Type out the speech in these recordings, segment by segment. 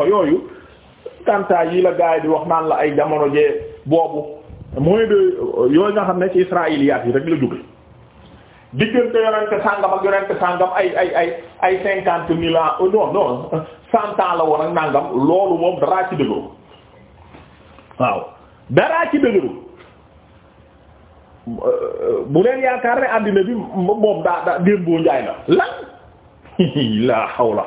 façon yooyu kanta yi la gaay di wax naan la ay jamono jee boobu mooy de yooyu nga xam ne ci israiliyaat yi rek la jóge diggante yonente sàngam ak yonente sàngam ay ay ay ay cinquante mille ans euh, non non cent la woon ak nàngam loolu moom daraa ci dëgëru waaw daraa ci dëgëru euh, bu leen yaakaar ne àddina bi moom daa daa démboo njaay la lan laa xawla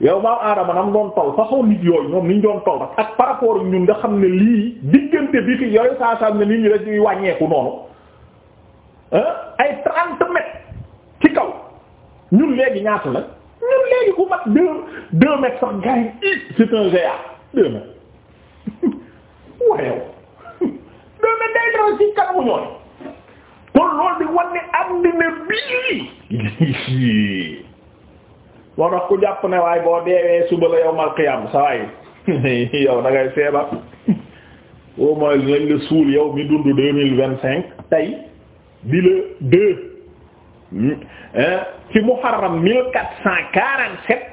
yow maam aadama nam doon tol façon nit yooyu ñoom niñ doon tol rek ak par rapport ñun nga xam ne lii diggante bi fi yooyu saa saa ne nit ñi dañuy wàññeeku noonu ay trente mètres ci kaw ñun léegi ñaata la ñun léegi ku mat deux deux mètres sax gars yi i c'est un géant deux mètres wayow deux mètres day dara ci kanamu ñooy kon loolu di wan ne am dina bii moo tax ku jàpp ne waaye boo deewee suba la yawmal qiyaam sa waay yow da feebar au moins dinañ la suul yow mi dund deux mille vingt cinq tey di la deux ci muharram mille quatre cent quarante sept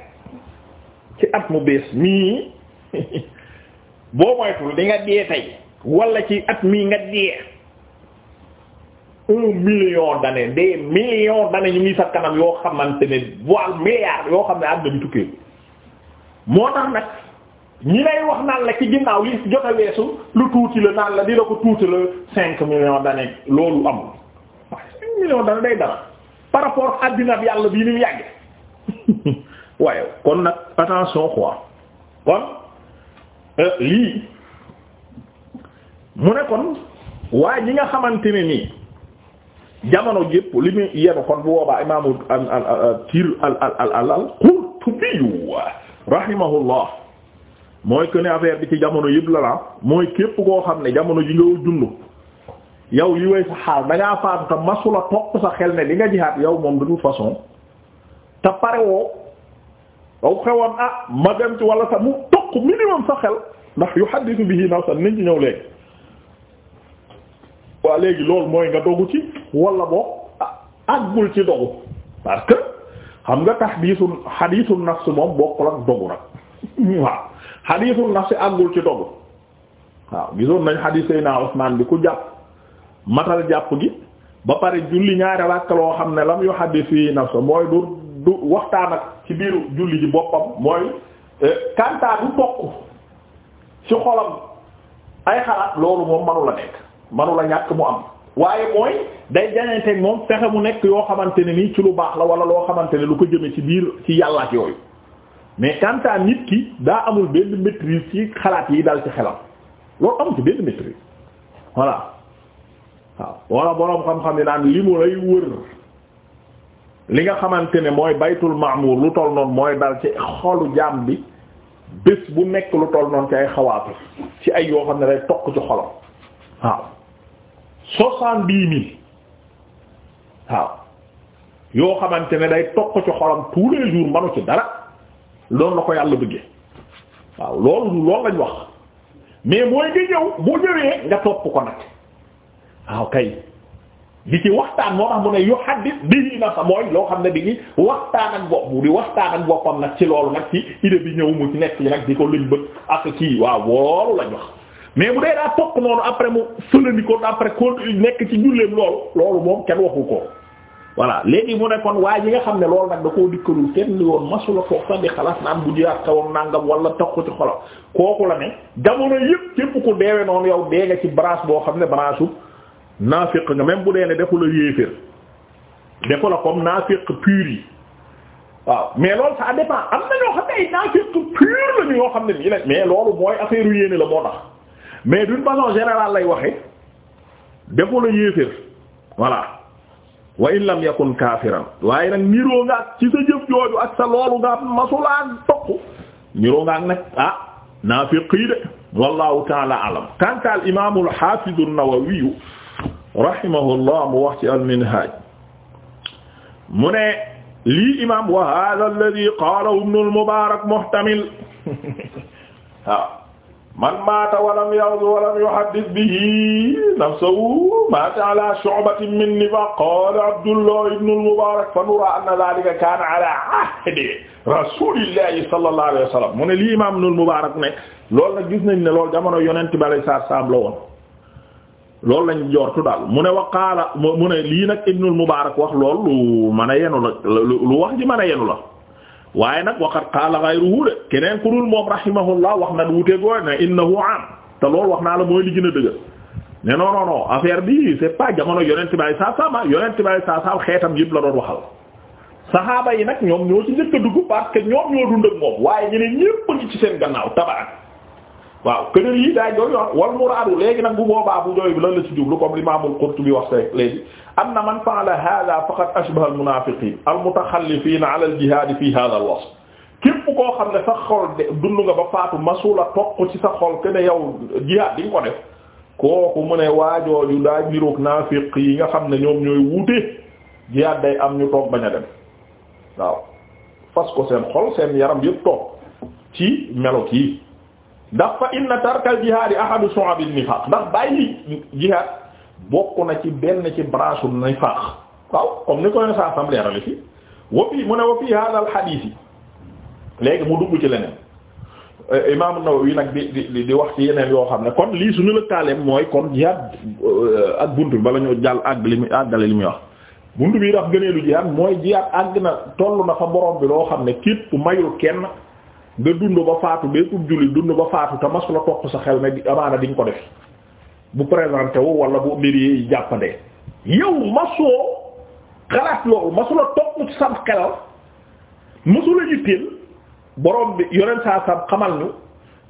ci at mu bees mii boo moytul di nga dee tey wala ci at mii nga dee un million d'années des millions d'années ñu ngi sa kanam yoo xamante ne voire yoo xam ne àdduna bi tukkee moo tax nag ñi lay wax naan la ki ginnaaw li jot a weesu lu tuuti la naan la di ko tuuti la cinq millions d'années loolu amul waaye cinq millions d'années day dara par rapport àddina bi yàlla bii ni mu yàgge waaye kon nag attention quoi kon euh, lii mu ne kon waa ñi nga xamante ne nii jamono yëpp li mu yenu kon bu boobaa imaamu al al al tir al al al al mooy que ne affaire bi ci jamono yëpp la la mooy képp koo xam ne jamono ji nga dund yow li way sa xaal da ngaa faatu te masula topp sa xel ne li nga jihaat yow moom de toute façon te pare woo daw xewoon ah ma dem ci wala sa mu toq minimum sa xel ndax yu xaddisu bihi nafsan nañ ci ñëw léegi. waa léegi loolu mooy nga dogu ci wala boo àggul ci dogu parce que xam nga tax diisu xadiisu nafs moom bokkul ak dogu nag waaw xadiisu nafs àggul ci dogu waaw gisoon nañ xadiis Seydina Usmaan bi ku gi ba pare julli ñaari ràkka loo xam ne lam yu xadiis fii mooy du waxtaan ak ci biiru julli ji boppam mooy e, kantaa du bokk ci xolam ay xalaat loolu moom manu nekk manu la ñàkk mu am waaye mooy day jañanteeg moom fexe mu nekk yoo xamante ne nii ci lu baax la wala loo xamante ne lu ko jëme ci biir ci yàlla ak yooyu mais quant nit ki daa amul benn maîtrise ci xalaat yi dal ci xelam loolu amul ci benn maîtrise voilà waaw wala boroom xam-xam ni naan li mu lay wër li nga xamante ne mooy baytul ma'mur lu toll noonu mooy dal ci xolu jaam bi bés bu nekk lu toll noonu ci ay xawaatu ci ay yoo xam ne day toq ci xolam soixante-dix mille waaw yoo xamante ne day toq ci xolom tous les manu ci dara loolu la ko yàlla bëggee waaw loolu loolu lañ wax mais mooy nga ñëw boo ñëwee nga topp ko nag waaw kay di ci waxtaan moo tax mu a yu xaddis bii na sa mooy loo xam ne di waxtaan ak bopp bu di waxtaan ak boppam nag ci loolu nag ci idée bi ñëw mu nekk yi nag di ko luñ bët ak kii waaw loolu lañ wax mais bu dee daa toq noonu après mu fëlandi ko après ko nekk ci julleem loolu loolu moom kenn waxu ko voilà léegi mu ne kon waaye yi nga xam ne lool nag da koo dikkalul kenn li woon masula toog sax di xalaat naan bu jiyaat kawam nangam wala toq ko ci xolam kooku la ne jamono yëpp képp ko deewe noonu yow dee nga ci branche boo xam ne naa naafiq nga même bu dee ne defu la yéeféer defu la comme naafiq pur yi waaw mais loolu ça dépend am na ñoo xam ne ay naafiq pur lañu yoo xam ne nii la mais mais d'une façon générale lay waxe la yéeféer voilà wa in lam yakun kaafiran waaye nag niroo nga ak ci sa jëf jooju ak sa loolu nga masulaa toq niroo nga ak nag ah naafiqi taala alam kanta al imam al hafiz an-Nawawi rahimahullah mu wax ci al-Minhaj mu ne lii imam wa hadha alladhi qalahu ibn al-Mubarak man maata walam yawzu walam yuhaddis bihi nafsahu maata ala shu'batin min nifaq qala Abdullah ibn al-Mubarak fa nura anna dhalika kana ala ahdi rasulillahi sallallahu alayhi wa sallam mu ne lii imaam ibn al-Mubarak ne loolu nag gis nañ ne loolu jamono yonent bi alayhi salaam la woon loolu lañ jortu daal mu ne wa qaala mu ne lii nag ibn al-Mubarak wax loolu lu mën a yenu la lu wax ji mën a yenu la waaye nag waqad qaala ghayruhu de keneen ku dul moom rahimahullah wax na wute gooy ne innahu am te loolu wax naa la mooy li gën a dëgër ne non non non affaire bi c'est pas jamono yonent baay saa sama yonent baay saa sam xeetam yëpp la doon waxal saxaaba yi nag ñoom ñoo ci njëkk a parce que ñoom ñoo dund ak moom waaye ñeneen ñëpp ngi ci seen gannaaw tabarak waaw kënal yi daay jooy wal muraadu léegi nag bu boobaa bu jooy bi lan la ci jublu comme l'imam al-Qurtubi wax see léegi am na man fa'ala hadha faqad ashbaha al-munafiqin al-mutakhallifin ala al-jihad fi hadha koo xam ne sa dund nga ba faatu masula toq ci sa xol kene yow jihaad di nga ko def kooku mu ne waajooju daay niroog naafiq yi nga xam ne ñoom ñooy wuute jihaad am ñu toog bañ a ko seen xol seen yaram yëpp toog ci melo kii ndax fa inna tarkal jihaad yi ahadu shu'ab an-nifaaq ndax bàyyi jihaad bokk na ci benn ci branche nifaaq waaw comme ni ko leen saa sam leerale fii wa mu ne wa fii haadal yi léegi mu dugg ci leneen eh, Imaam An-Nawawi nag di di di wax ci yeneen yoo xam ne kon lii suñu lëkkaaleem mooy kon jihaad eh, ak buntu bi bala ñu jàll àgg li muy àggale li muy wax. buntu bi dax gëneelu jihaad mooy jihaad àgg na toll na fa borom bi loo xam ne képp mayul ken nga dund ba faatu bépp jullit dund ba faatu te masula toq sa xel ne amaana di nga ko def bu présenté wu wala bu mbir yi jàppandee yow masoo xalaat loolu masula toq sam xelal masula yitteel borom bi yoneen saa sam xamal ñu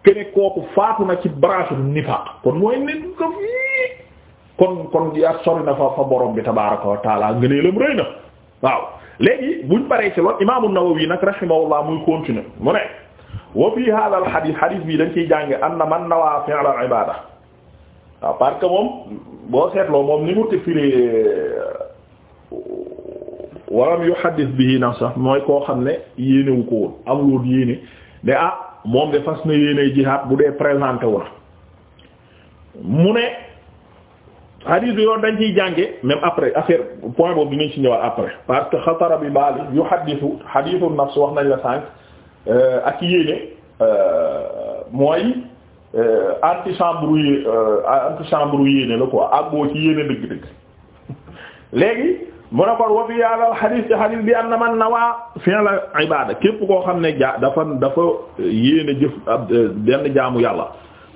kene kooku faatu na ci branche bu nifaaq kon mooy ne ko fii kon kon yaa sori na fa fa borom bi tabaaraka wa taala ngëneelam rëy na waaw léegi buñ paree ci lool imaamu Nawawi nag rahimahullah muy continuer mu ne wa fii hada al xadis xadis bii dañ ciy jànge na man nawaa fi'la al ibada waaw parce que moom boo seetloo moom ni mu te firi euh, walam bi bihi nafsa mooy koo xam ne yéenewu ko woon am loolu yéene ne ah moom de fas na yéene jihaad bu dee présenté wu na mu ne hadis bi yoon dañ ciy jànge même après affaire point boobu dinañ ci ñëwaat après parce que xatara bi baali yuhaddisu hadithu nafs wax nañ la sànq Euh, ak yéene euh, mooy antichambre euh, yé antichambre yéene la quoi àggoo ci yéene dëgg-dëgg léegi mu ne kon wa fi yàlla xadis ci bi anna man nawaa fi'la ibaada képp koo xam ne ja dafa dafa yéene jëf ab benn jaamu yàlla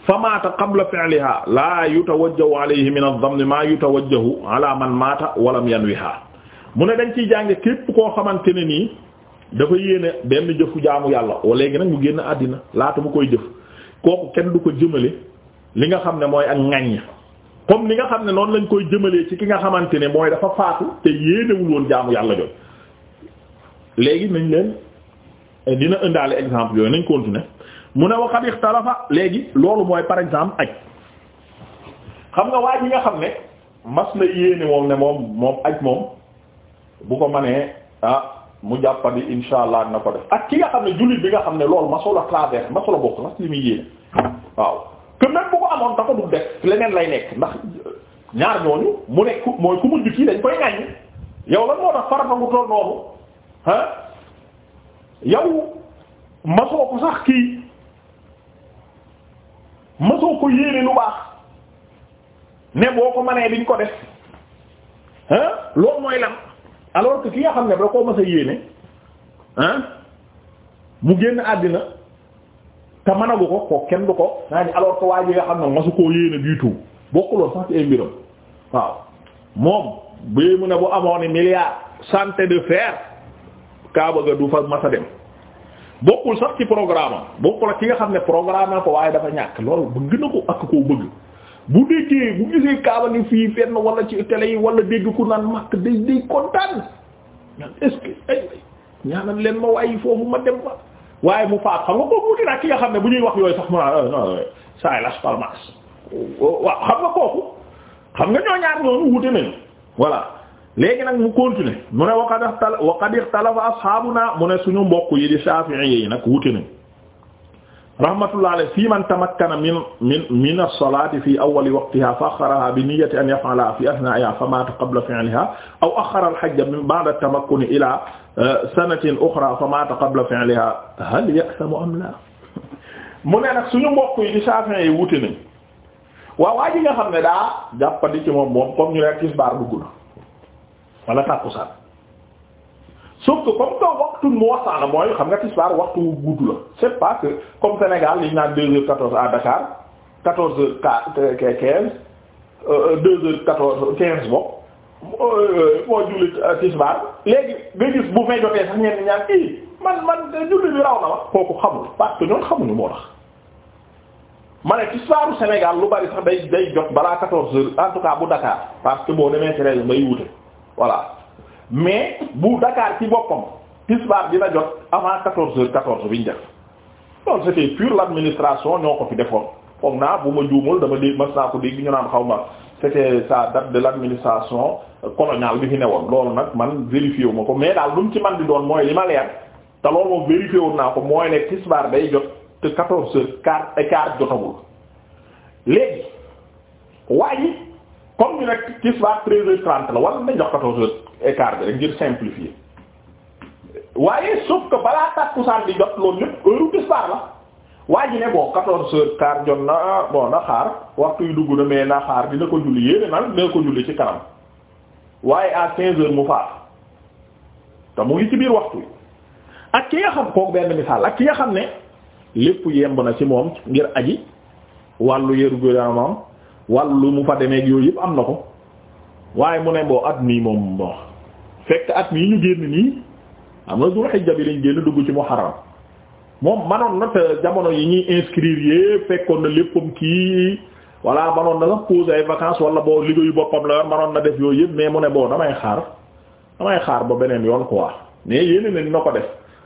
fa maata qabla fi'liha laa yu yutawajjahu alayhi min ad-damm maa yutawajjahu ala man maata walam yanwiha mu ne dañ ciy jànge képp koo xamante ne nii dafa yéene benn jëfu jaamu yàlla o léegi nag mu génn àddina laata mu koy jëf kooku kenn du ko jëmale li nga xam ne mooy ak ŋàññ comme li nga xam ne noonu lañ koy jëmalee ci ki nga xamante ne mooy dafa faatu te yéenewul woon jaamu yàlla jooju léegi nañ leen dina indaale exemple yooyu nañ continuer mu ne waxat ixtalafa léegi loolu mooy par exemple aj xam nga waa ji nga xam ne mas na yéene moom ne moom moom aj moom bu ko manee ah, mu jàppandi insha allah na ko def ak ki nga xam ne jullit bi nga xam ne loolu masula traverse masula bokk sax li muy yéene waaw que même bu ko amoon dafa du def leneen lay nekk ndax ñaar ñooñu mu nekk mooy ku mujj kii dañ koy ŋàññi yow lan moo tax farata gu toll noonu ah, yow masoo ko sax kii masoo ko yéene lu baax ne boo ko mënee diñ ko def ah loolu mooy lan. alors que ki nga xam ne da koo mas yéene ah mu génn àddina te mënagu ko ko kenn du ko naa ni alors que waa ji nga xam ne masu koo yéene du tout bokkuloon sax ci ay waaw moom bee mu ne bu amoon ni milliard santé de fer kaaba ga du fa mas dem bokkul sax ci programme am bokkul ak ki nga xam ne programme na ko waaye dafa ñàkk loolu bëgg na ko ak koo bëgg bu déggee bu gisee kaaba ngi fii fenn wala ci tele yi wala dégg ku naan makk day day kontaan naan est-ce que ay ñaanal leen ma waaye foofu ma dem fa waaye mu faat xam nga kooku ki nga xam ne bu ñuy wax yooyu sax mu naan euh, non saa euh, yi Las Palmas oh, waaw xam nga kooku xam nga ñoo ñaar noonu wute nañu voilà léegi nag mu continuer mu ne waqad ixtalafa naa mu ne suñu mbokk yi di Shafi'i yi nag wute nañu. rahmatullah alayhi fi man tamakkana min min min as-salati fi awwali waqtiha fa akhkharaha bi niyyati an yaf'ala fi athna'iha fa mata qabla fi'liha aw akhkhara al-hajja min ba'da at-tamakkun ila uh, sanatin ukhra fa mata qabla fi'liha hal ya'thamu am la mu ne nag suñu mbokk yi di Shafi'i yi wuute nañ waaw waa ji nga xam ne daa jàppandi ci moom moom comme ñu ne tisbaar dugg na wala tàkkusaan sauf que comme que waxtu muwasaa la mooy xam nga tisbaar waxtu gudd la c'est pas comme Sénégal li naan deux heures quatorze à Dakar quatorze heures quinze euh, deux heures quatorze quinze bopp euh, moo julli tisbaar léegi bu may jotee sax ñenn ñaan i man man julli bi raw na ma kooku xamul parce que xamuñu moo tax ma ne tisbaaru Sénégal lu bari sax day day jot balaa quatorze heures en tout cas bu Dakar parce que boo demee ci région wute voilà mais bu Dakar ci boppam tisbaar dina jot avant quatorze heures quatorze bi ñu def loolu c'était pure l'administration ñoo ko fi defoon foog naa bu ma juumul dama dégg mas naa ko dégg ñu naan xaw ma c'était ça date de l'administration coloniale bi fi woon loolu nag man vérifié wu ma ko mais daal lu mu ci man di doon mooy li ma leer te loolu moom vérifié wu naa ko mooy ne tisbaar day jot te quatorze heures quart et quart jotagul léegi waaye comme ñu nekk tisbaar heures trente la wala nañ jox quatorze heures et quart bi rek ngir simplifier waaye sauf que balaa tàkkusaan di jot loolu lépp heure tisbaar la waa ji ne bon quatorze heures jot na bon na xaar waxtu yu dugg na mais na xaar dina ko julli yéene nag dina ko julli ci kanam waaye à quinze heures mu faat te mu ngi biir waxtu yi ak ki nga xam kooku benn misaal ak ki nga xam ne lépp yemb na ci moom ngir aji wàllu yëru gouvernement lu mu fa demeeg yooyu yëpp am na ko waaye mu ne boo at mii moom bon fekk at mii ñu génn nii am na dul xijja bi lañ génn dugg ci muharram moom manoon na te jamono yi ñuy inscrire yëpp fekkoon na léppam kii voilà manoon na sax poser ay vacances boppam la yor na def yooyu yëpp mais mu ne boo damay xaar damay xaar ba beneen yoon quoi mais yéene ko def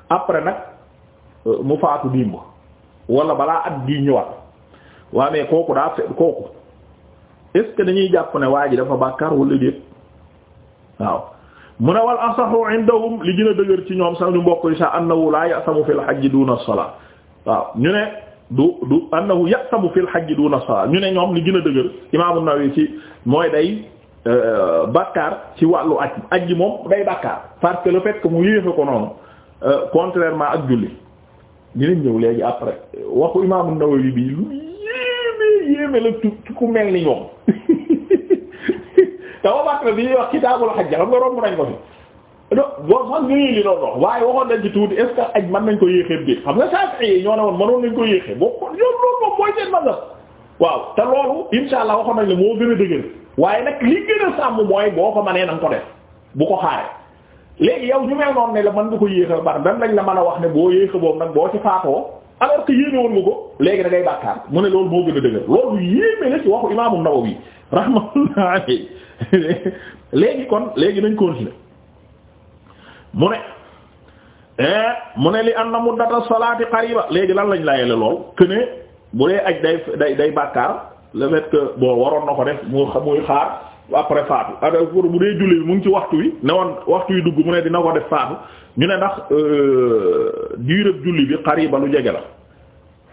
après nag euh, mu faatu dimb balaa at gi ñëwaat waa mais kooku daa fe kooku est dañuy jàpp ne waa ji dafa bàkkaar wala déet waaw mu ne wal asaxu indahum li gën a dëgër ci ñoom sax ñu mbokk sa annahu la yasamu fil hajji duna salaa waaw ñu ne du du annahu yasamu fil hajji duna salaa ñu ne ñoom li gën a dëgër imaamu Nawawi ci mooy day euh, bàkkaar ci wàllu aj ajji moom day bàkkaar parce que le mu yéexe ko noonu euh, contrairement ak julli dinañ ñëw léegi après waxu imaamu Nawawi bi lu yéeme la ci ku mel ni ñoom dama bàq na bi ñuy wax kitaabul xaj xam nga romb nañ ko fi do boo sax ngëyee li doon dox waaye waxoon nañ ci tuuti est-ce que nañ ko yéexee bi xam nga saa yi ñoo ne woon mënoon nañ ko yéexee boo ko ñoom loolu moom mooy waxoon nañ la moo gën a dëgër waaye nag li gën a sàmm boo ko mënee na ko def bu ko xaare léegi yow ñu mel noonu ne la mën nga ko yéexal bar dan lañ la man a wax ne boo yéexa boobu nag boo ci faatoo alors que yéene woon nga ko léegi da ngay bàkkaar mu ne loolu moo gën a dëgër loolu yéeme la ci waxu imaamu Nawawi rahmatullah alayhi léegi kon léegi nañ continuer mu ne eh, mu ne li anna muddata salaati qariba léegi lan lañ layele lool que ne bu dee aj day day day bàkkaar le que boo waroon na ko def mu muy xaar après faatu ada pour bu dee julli bi mu ngi ci waxtu wi ne woon waxtu wi dugg mu ne dina ko def faatu ñu ne ndax euh, diirëb julli bi xariba lu jege la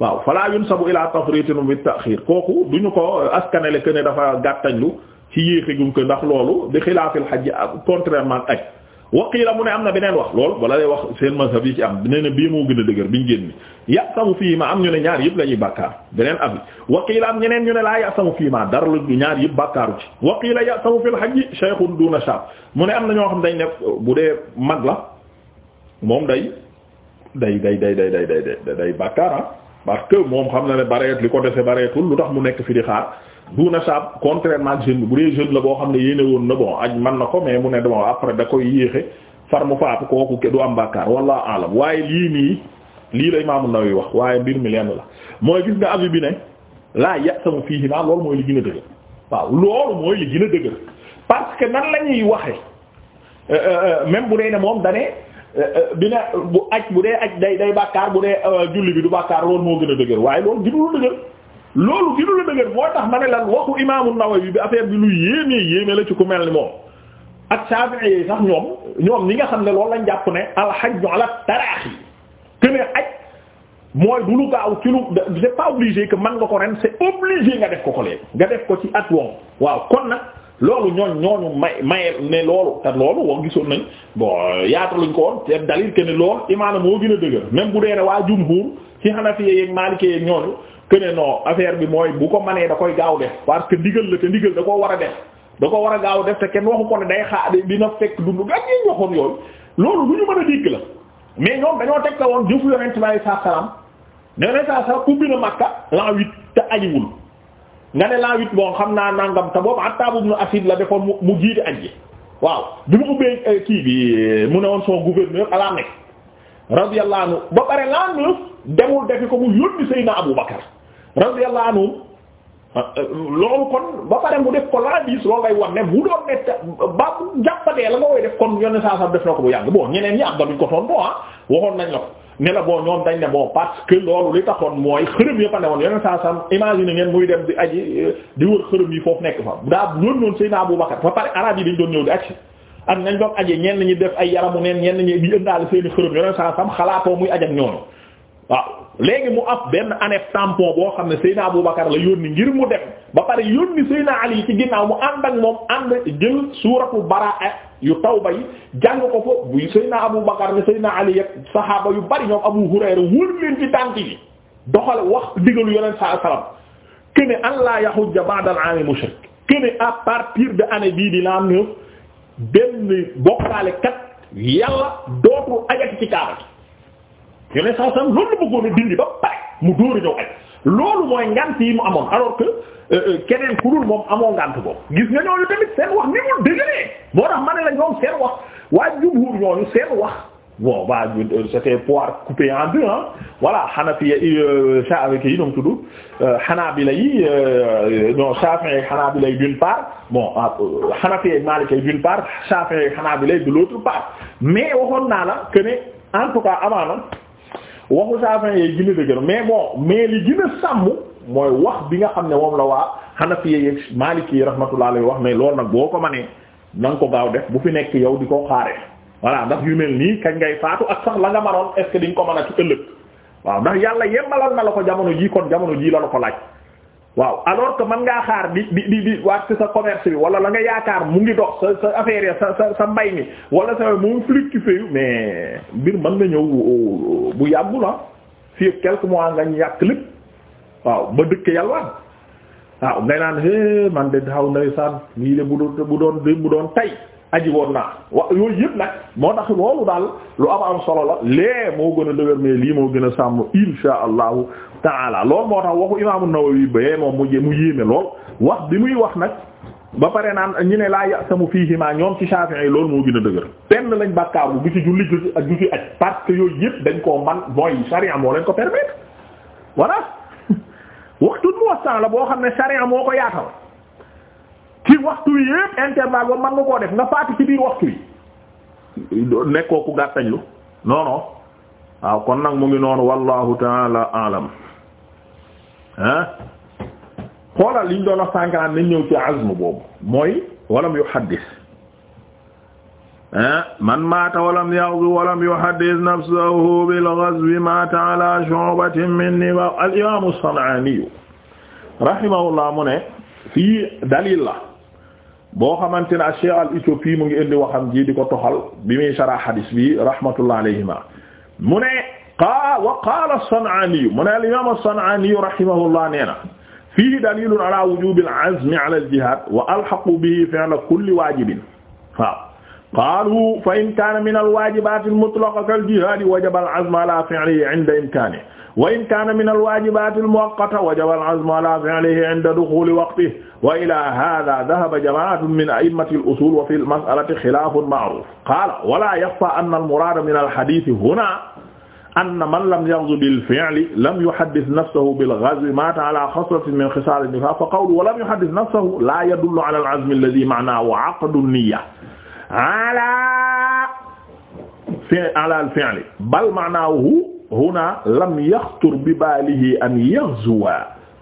waaw fala yunsabu ila tafritin bi ta'khir kooku du ñu ko askanele que ne dafa gàttañlu ci yéexigum que ndax loolu di xilaafil hajj contrairement ak waqiila mu ne am na beneen wax lool wala lay wax seen mazhab yi ci am nee na bii moo gën a dëgër biñ génn yasamu fii ma am ñu ne ñaar yëpp la ñuy bàkkaar beneen yi waqiila am ñeneen ñu ne laa yasamu fii ma dara lu ñaar yëpp bàkkaaru ci waqiila yasamu fil hajji shaykhun duna shab mu ne am na ñoo xam day ne bu dee mag la moom day day day day day day day day bàkkaar ah parce que moom xam na ne bareet li ko dese bareetul lu tax mu nekk fi di xaar duna sab contrairement ak jeune bu dee jeune la boo xam ne yéene woon na bon aj man na ko mais mu ne bon après da koy yéexe far mu faatu kooku ke du am bàkkaar walla alam waaye lii nii lii la Imaam An-Nawawi wax waaye mbir mi lenn la mooy gis nga avis bi ne laa ya'samu fiihimaa loolu mooy li gën a dëgër waaw loolu mooy li gën a dëgër parce que nan la ñuy waxee euh, euh, euh, même bu dee ne moom dane bi ne bu aj bu dee aj day day bàkkaar bu dee julli bi du bàkkaar loolu moo gën a dëgër waaye loolu gënul loolu ginu la dëgër moo tax ma ne lan waxu imaamu Nawawi bi affaire bi lu yéemee yéeme la ci ku mel ni moom ak Shafi'i yi sax ñoom ñoom li nga xam ne loolu lañ jàpp ne alxajju ala taraaxi que ne aj mooy du lu gaaw ci lu c'est pas obligé que man nga ko ren c'est obligé nga def ko ko léegi nga def ko ci at woom waaw kon nag loolu ñooñ ñooñu may maye ne loolu te loolu wax gisoon nañ boo yaata luñ ko woon te dalil que ne loolu na moo gën a dëgër même bu dee ne waa jumhur ci Hanafi yeeg que ne non affaire bi mooy bu ko manee da koy gaaw def parce que ndigal la te ndigal da koo war a def da ko war a gaaw def te kenn waxu ko ne day xaar dina fekk dundu ak ñi waxoon yooyu loolu lu ñu mën a dégg la mais ñoom dañoo teg la woon jëfu yonent bi sallallahu alayhi saa saa ubbi na Makka l'an huit te ajiwul nga ne l'an huit bon xam naa nangam te boobu Attab ibn Asid la defoon mu mu jiite aji waaw bi mu ubbee euh, kii bi euh, mu ne woon son gouverneur ala nekk radiyallahu anhu ba pare l'an ko mu yónni Seydina Abou Bakar radiyallahu anhu ah, euh, loolu kon ba pare mu def ko laa diis loolu ngay wax ne bu doon ne ba jàppandee la nga koy def kon yónnee saa sax def na ko bu yàgg bon ñeneen ñi am duñ ko toon bon ah waxoon nañ la ko ne ñoom dañ ne bon parce que loolu li taxoon mooy xërëm yi fa ne woon yónnee saa sax imagine ngeen muy dem di aji di wër xërëm yi foofu nekk fa daa doon ñoon Seydina Abu Bakar ba pare arabe yi dañ doon ñëw di agsi ak nañ doon aje ñenn ñi def ay yaramu neen ñenn ñi di ëndaale seen i xërëm yónnee saa sax xalaatoo muy ajak ñooñu waaw. léegi mu ab benn année tampon boo xam ne Seydina Aboubacar la yónni ngir mu dem ba pare yónni Seydina Ali ci ginnaaw mu ànd ak moom ànd jël suuratu baraa yu tawba yi jàng ko foofu bu Seydina Aboubacar ne Seydina Ali ak yu bari ñoom Abu Hurayra wër leen ci tànt doxal wax digalu yonent saa salaam kene an laa yahujja ba'da al-'aami mushrik kene à partir de année bii di l'an neuf benn bokkaale kat yàlla dootul ajati ci kaaba yeneen loolu la bëggoon a ba pare mu dóor a ñëw aj loolu mooy ngant yi mu amoon alors que euh, euh, keneen ku dul moom amoo ngant boobu gis nga ñooñu tamit seen wax ni mu dëgëree moo tax ma ne la ñoom seen wax waa jumhur ñooñu seen wax bon waa euh, c'était poire coupée en deux ah voilà Hanafiya yi d'une part bon ah, Hanafiya Maliki yi d'une part Shafi'i Hanabila yi de l'autre part mais waxoon naa la que ne en waxu Shafi'i yi gën a dëgër mais bon mais li gën a sàmm mooy wax bi nga xam ne moom la waa Hanafi yeeg Maliki yi rahmatullah alayhi wax ne loolu nag boo ko mënee na ko gaaw def bu fi nekk yow di ko xaaree voilà ndax yu mel nii kañ ngay faatu ak sax la nga maroon est ce que ko man a ci ëllëg waaw ndax yàlla yembalal na la ko jamono jii kon jamono jii la la ko laaj. waaw alors que man ngaa xaar di di di di waat sa commerce bi wala la nga yaakaar mu ngi dox sa sa affaire ya sa sa sa mbay mi wala sa moom fluctué mais mbir mën na ñëw euh, bu yàggu la ah. fii quelques mois nga ñu yàq lépp waaw ba dëkk yàlwaan waaw ngay naan é man de daaw ndeysaan nii de bu doon bu doon bu doon tey aji woon naa wa yooyu yëpp nag moo tax loolu daal lu am am solo la lee moo gën a dëgër mais lii moo gën a sàmm insha allahu taala loolu moo tax waxu imaamu Nawawi bayee moom mu mu yéeme lool wax bi muy wax nag ba pare naan ñu ne laa yasamu fiihima ñoom ci Shafi'i yi loolu moo gën a dëgër benn lañ bàkkaar bu ci julli ju ak ju ci parce que yooyu yëpp dañ koo man mooy sharia moo leen ko permettre voilà waxtu mu wastan la boo xam ne sharia moo ci waxtu yi yépp intervalle ba man nga koo def nga faati ci waxtu yi nekkoo gàttañ lu non waaw kon nag mu ngi noonu wallahu taala alam ah xoolal liñ doon a sànqaan nañ ñëw ci azm boobu mooy walam yu xaddis man maata walam yaghzu walam yuhaddis nafsahu bil ghazwi maata ala shu'batin min nifaaq al imam as-San'aani rahimahullah mu ne fii dalil la boo xamante ne Cheikh al Éthiopie mu ngi indi waxam ji di ko toxal bi muy sarah hadis bi rahmatullah alayhima mu ne qaa wa qaala as-San'aani mu ne al-imaam as-San'aani rahimahullah nee na fiihi daliilun alaa wujuubi al-azmi alaa al-jihaad wa alhaqu bihi fi'la kulli waajibin waaw qaaluu fa in kaana min al-waajibaati al-mutlaqa kal-jihaadi wajaba al-azmu alaa fi'lihi 'inda imkaanihi wa in kaana min alwajibaati almuwaqqata wajaba alazmu ala fi'lihi 'inda dukhuli waqtihi wa ila hadha dhahaba jama'atun min a'immati al-usul wa fi al-mas'alati khilaafun ma'ruf qaala wa la yakhfa anna al-murada min al-hadith huna anna man lam yaghzu bil-fi'li lam yuhaddith nafsahu bil-ghazwi maata ala khaslatin min khisaal an-nifaaq fa qawluhu wa lam yuhaddith nafsahu la yadullu ala al-'azmi alladhi ma'naahu 'aqdu an-niyya ala fi ala al-fi'li bal ma'naahu huna lam yaxtur bi baalihi an yaxzuwa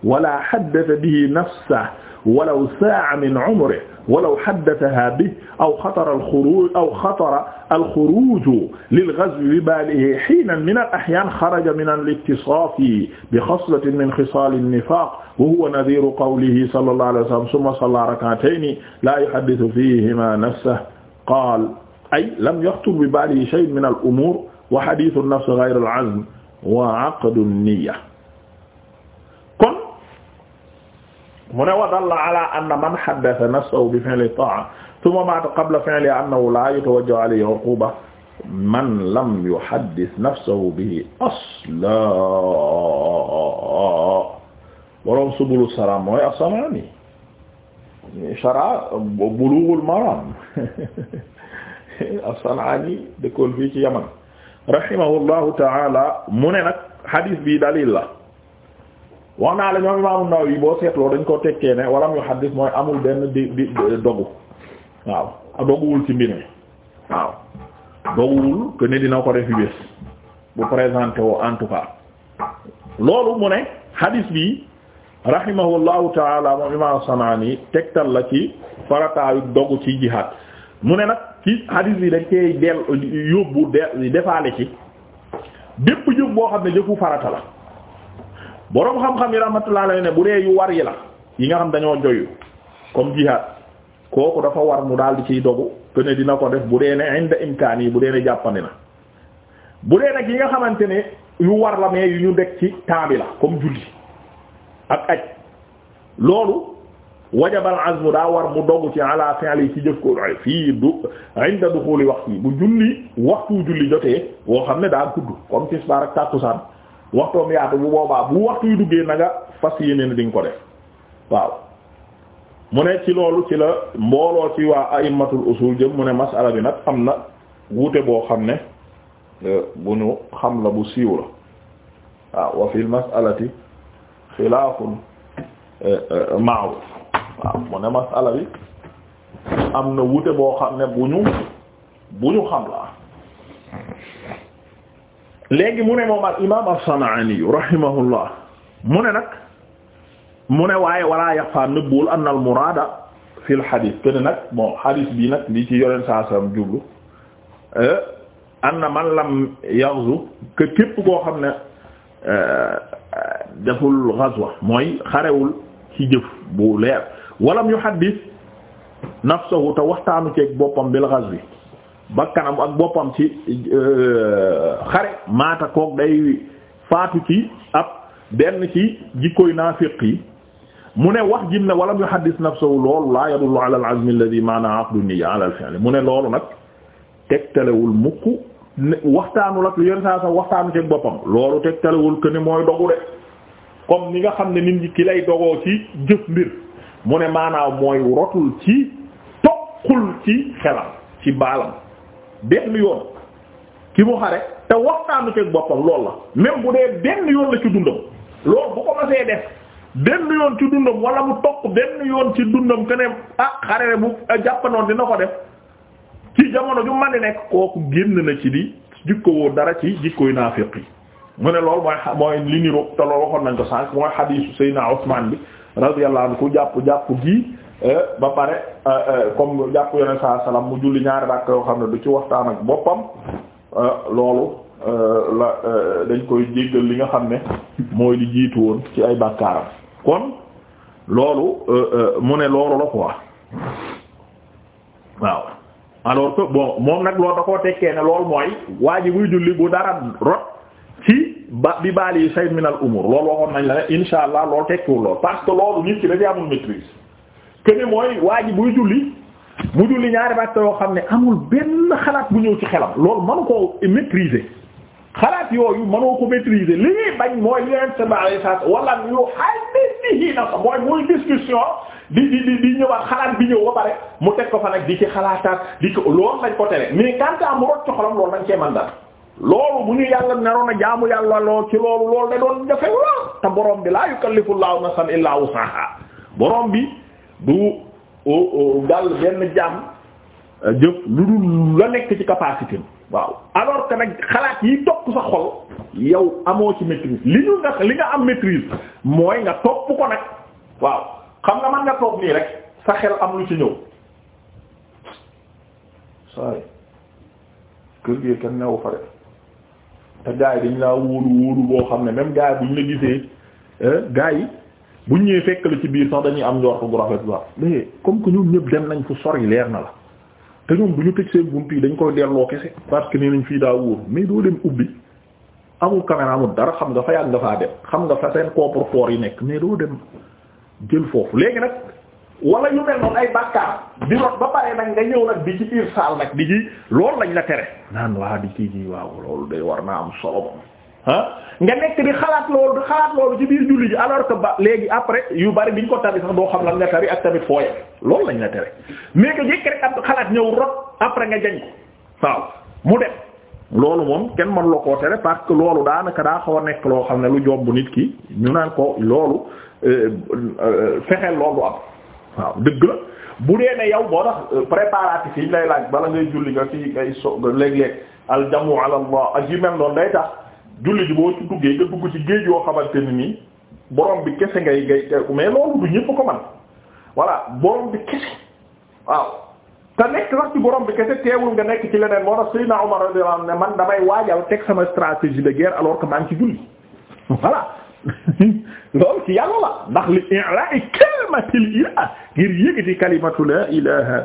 wala haddata bihi nafsahu walaw saa'a min umrihi walaw haddataha bihi aw xatara alxuruuj aw xatara alxuruuju lilgazwi bi baalihi hiinan min alahyaan xaraja min alittisaafi bi xaslatin min xisaali nnifaaq wa huwa nadiiru qawlihi sallallahu alayhi wa sallam summa sallaa rak'atayni laa yuhaddisu fiihimaa nafsahu qaala ay lam yaxtur bi baalihi shay'un min al-umuur wa hadithu nafs ghayru al-azm wa aqdu an-niyya kon mu ne wa dalla ala anna man haddatha nafsahu bi fi'li ta'a thumma mata qabla fi'li annahu la yatawajjahu alayhi 'uquba man lam yuhaddith nafsahu bihi asla boroom subulu salaam mooy asamaani shara bulughul maram asanaani dëkkoon fii ci yaman rahimahullahu taala mu ne nag hadith bi dalil la wax naa la ñoom imaamu Nawawi boo seetloo dañ ko tekkee ne walam yu hadith mooy amul benn di di dogu waaw doguwul ci mbir mi waaw doguwul que dina ko def yu bés bu présenté woo en tout cas loolu mu ne hadith bi rahimahullahu taala moom imaamu Sanaani tegtal la ci farataayu dogu ci jihaad mu ne nag ci hadis bi dañ koy del yóbbu de defaale ci bépp jëf boo xam ne jëfu farata la boroom xam-xam yi rahmatullahi alayhi ne bu dee yu war yi la yi nga xam dañoo joyu comme jihad kooku dafa war mu daal di ciy dogu que ne dina ko def bu dee ne inda yi bu dee ne jàppandi na bu dee nag yi nga xamante ne yu war la mais yu ñu dekk ci temps la comme julli ak aj loolu wajabal azmu daa war mu dogu ci ala fi'li ci jëf ko fii du inda duxuli waxtu bu julli waxtu julli jotee woo xam ne daa gudd comme tisbaar ak tàkkusaan waxtoom yaatu bu boobaa bu waxtu yu duggee na nga fas yéene ne di nga ko def waaw mu ne ci loolu ci la mbooloo ci waa a'immatul usul jëm mu ne masala bi nag am na wuute boo xam ne euh, bu ñu xam la bu siiw la waaw wa fil mas'alati xilaafun euh, euh, ma'ruf waaw mu ne masala bi am na wute boo xam ne bu ñu bu ñu xam la léegi mu ne moom al imaam as-San'aani rahimahullah mu ne nag mu ne waaye walaa yaxfaa nëbbuwul anna al muraada fil xadiis te nag bon xadiis bii nag li ci yoreen saa saam jublu eh, na man lam yaxzu kë képp koo xam ne eh, deful gazwa mooy xarewul ci jëf bu leer walam yuhaddis nafsahu te waxtaanu ceeg boppam bil ghazwi bakkanam ak boppam ci euh, xare maata koog day faatu ci ab benn ci jikkoy naafiq yi mu ne wax jim ne walam yuhaddis nafsahu loolu laa yadullu ala al azmi alladhi maana aqdu niyya ala al fi'l mu ne loolu nag tegtalewul mukk waxtaanul ak yenn saa sax waxtaanu ceeg boppam loolu tegtalewul que ne mooy dogu de comme ni nga xam ne nit ki lay dogoo ci jëf mbir mu ne maanaam mooy rotul ci toqul ci xelam ci baalam benn yoon ki mu xare te waxtaanu ci boppam lool la même bu dee benn yoon la ci dundam loolu bu ko masee def benn yoon ci dundam wala mu toq benn yoon ci dundam que ne ah xare bu jàppanoon dina ko def ci jamono ju man di nekk kooku génn na ci di jikkowoo dara ci jikkoy naafiq yi mu ne loolu mooy mooy li niroog te loolu waxoon nañ ko sànq mooy xadiisu Seydina Usmaan bi radiyallahu anhu ku jàpp jàpp gi eh, ba pare eh, eh, comme jàpp yoneen saa salaam mu julli ñaari rakk yoo xam ne du ci waxtaan ak boppam loolu la dañ koy jéggal li nga xam ne mooy li jiitu woon ci ay bàkkaaram kon loolu mu ne loolu la quoi waaw alors que bon moom nag loolu da koo tekkee ne lool mooy waa ji buy julli bu dara rot ba bi yi say min al umur loolu waxoon nañ la ne insha allah loolu tekkiwul lool parce que loolu nit ki dafay amul maîtrise que mooy waa ji buy julli mu julli ñaari bàkk yoo xam ne amul benn xalaat bu ñëw ci xelam lool mënu koo maîtriser xalaat yooyu mënoo ko maîtriser li ñuy bañ mooy li leen sa baaxee saa wala ñu xaaj nit ñi na ko muy discussion di di di di ñëwaat xalaat bi ñëw ba mu teg ko fa nag di ci xalaataat di ko loolu lañ ko tere mais quant à mu rocc xolam loolu lañ cee mën dara loolu bu ñu yàlla naroon a jaamu yàlla loo ci loolu loolu da doon jafe lool te borom bi laa yukallifu laahu nafsan illaa wusaha borom bi du dal benn jaam euh, jëf lu dul la nekk ci capacité waaw alors que nag xalaat yi topp sa xol yow amoo ci maîtrise li ñu nga li nga am maîtrise mooy nga topp ko nag waaw xam nga mën nga toog nii rek sa xel am lu ci ñëw saay te gars yi dañ laa wóolu wóolu boo xam ne même gaa yi buñ la gisee gars yi buñ ñëwee fekk la ci biir sax dañuy am njort bu rafet ba mais comme que ñoom ñëpp dem nañ fu sori leer na la te ñoom du ñu tëj seen bunt yi dañ koy delloo kese parce que nee nañ fii daa wóor mais doo dem ubbi amul caméra amul dara xam nga fa yàgg nga faa dem xam nga fa seen coffre yi nekk mais doo dem jël foofu léegi nag wala yu mel noonu ay bàkkaar di rot ba pare nag nga ñëw nag di ci biir saal nag di ci lool lañ la tere naan waa di ci ji waaw loolu day war naa am solo moom ah nga nekk di xalaat loolu ci biir julli ji alors que ba léegi après yu bari biñ ko tari sax doo xam lan nga tari ak tamit fooye loolu lañ la tere mais que jëkk rek ab xalaat ñëw rot après nga jañ ko waaw mu dem loolu moom kenn mën la koo tere parce que loolu daanaka daa xaw a nekk loo xam ne lu jomb nit ki ñu naan ko loolu euh, euh, fexeel loolu waaw dëgg la bu dee ne yow boo tax euh, préparatifs yi ñu lay laaj bala ngay julli nga ci ngay so léeg-léeg aljamu ala allah ak yi mel noonu day tax julli ji boo ci duggee nga dugg ci géej yoo xamante nii borom bi kese ngay ngay mais loolu du ñëpp ko man voilà borom bi kese waaw te nekk sax ci borom bi kese teewul nga nekk ci leneen boo tax Seydina Omar radiyallahu anhu ne man damay waajal teg sama stratégie de guerre alors que maa ci julli voilà. loolu ci yàlla la ndax li i'la'i kalimatil ilah ngir yëgati kalimatu la ilaha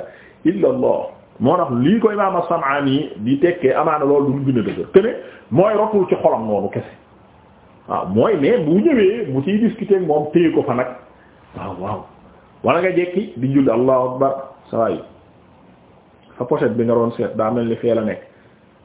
illa allah moo tax lii ko imaam samaani di tekkee amaana loolu lu gën a dëgër te ne mooy rotul ci xolam noonu kese waaw mooy mais bu ñëwee mu ciy discuter moom téye ko fa nag waaw waaw wala nga jekki di julli allahu akbar sa waay fa pochette bi nga doon seet daa mel ni fee la nekk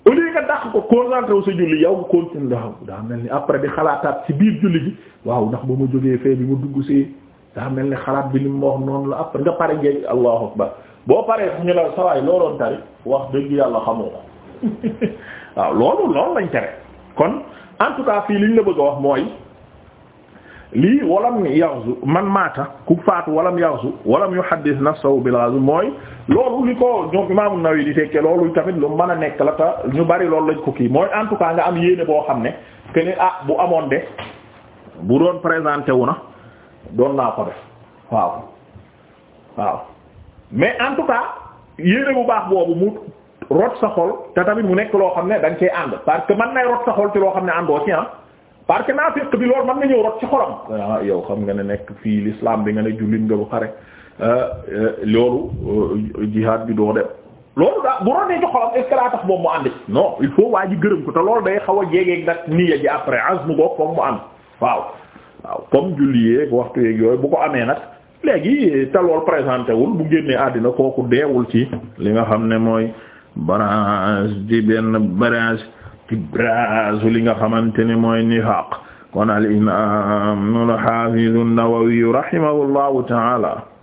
au lieu nga dàq ko concentré wu sa julli yow nga continué daa mel ni après di xalaataat ci biir julli gi waaw ndax ba ma jógee fee bi ma dugg si daa mel ni xalaat bi li mu wax noonu la après nga pare ngeen allahu akbar boo paree fu ñu la sawaay looloon tari wax dëgg yàlla xamoo ko waaw loolu loolu lañ tere kon en tout cas fii liñ la bëgg a wax mooy. lii walam yaxzu man maata ku faatu walam yaxzu walam yuhaddis nafsahu bil ghazw mooy loolu li ko ñoom Imaamu Nawawi di tekke loolu tamit lu mën a nekk la te ñu bari loolu lañ ko kii mooy en tout cas nga am yéene boo xam ne que ah bu amoon de bu doon présenté wu na doon naa ko def waaw waaw mais en tout cas yéene bu baax boobu mu rot sa xol te tamit mu nekk loo xam ne dañ cee ànd parce que man nay rot sa xol ci loo xam ne àndoo ci ah. parce que naafiq bi loolu mën nga ñëw rot ci xolam ah, yow xam nga ne nekk fii lislaam bi nga ne jullit nga ba pare ah, eh, loolu eh, jihad bi doo dem loolu daa bu ronnee ci xolam est tax moom mu ànd ci il faut waa ji gërëm ko te loolu day xaw a jegeeg nag niya ji après ans mu boog foog mu ànd waaw waaw comme julli waxtu yooyu bu ko amee nag léegi te lool présenté wul bu génnee àddina kooku deewul ci li nga xam ne mooy branche di benn branche ibraazu li nga xamante ne mooy nifaaq kon al imaam al haafiz an-Nawawi rahimahullahu ta'ala